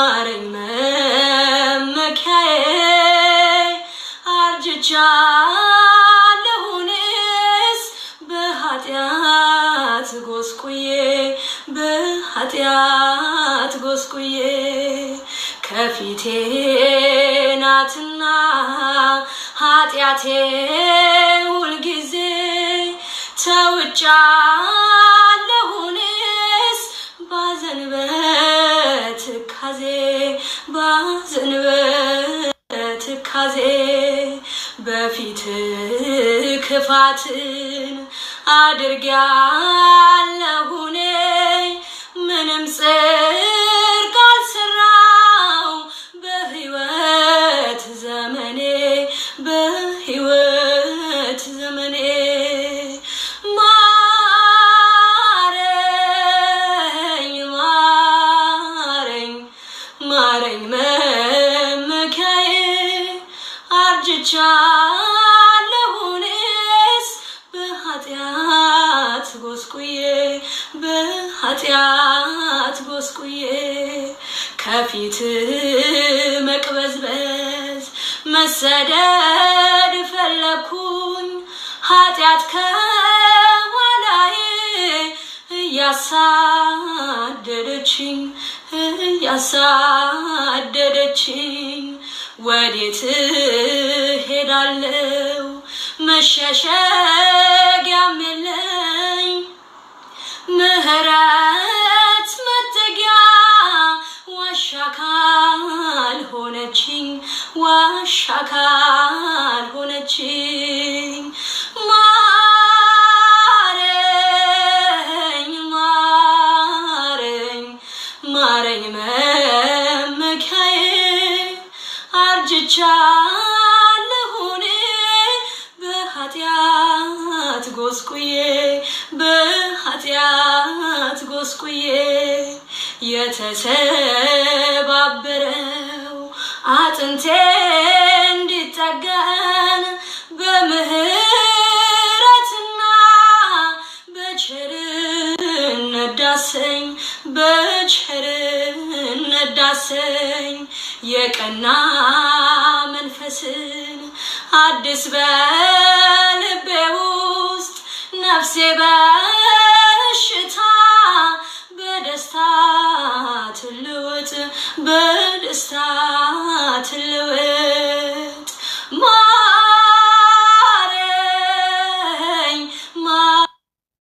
ማረኝ መመኪያዬ አርጅቻለሁኔስ በኃጢአት ጎስቁዬ በኃጢአት ጎስቁዬ ከፊቴ ናትና ኃጢአቴ ሁልጊዜ ተውጫ በፊት ክፋትን አድርጊያ ወድጃለሁንስ በኃጢአት ጎስቁዬ በኃጢአት ጎስቁዬ ከፊት መቅበዝበዝ መሰደድ ፈለኩኝ ኃጢአት ከኋላዬ እያሳደደችኝ እያሳደደችኝ ወዴት ሄዳለው? መሸሸጊያም የለኝ ምህረት መጠጊያ ዋሻ ካል ሆነችኝ ዋሻ ካል ማረኝ ማረኝ ማረኝ ብቻ ልሁን በኃጢአት ጎስቁዬ በኃጢአት ጎስቁዬ የተሰባበረው አጥንቴ እንዲጠገን በምህረትና በቸርነት ዳሰኝ በቸርነት ዳሰኝ የቀና መንፈስን አዲስ በልቤ ውስጥ ነፍሴ በሽታ በደስታ ትልወጥ በደስታ ትልወጥ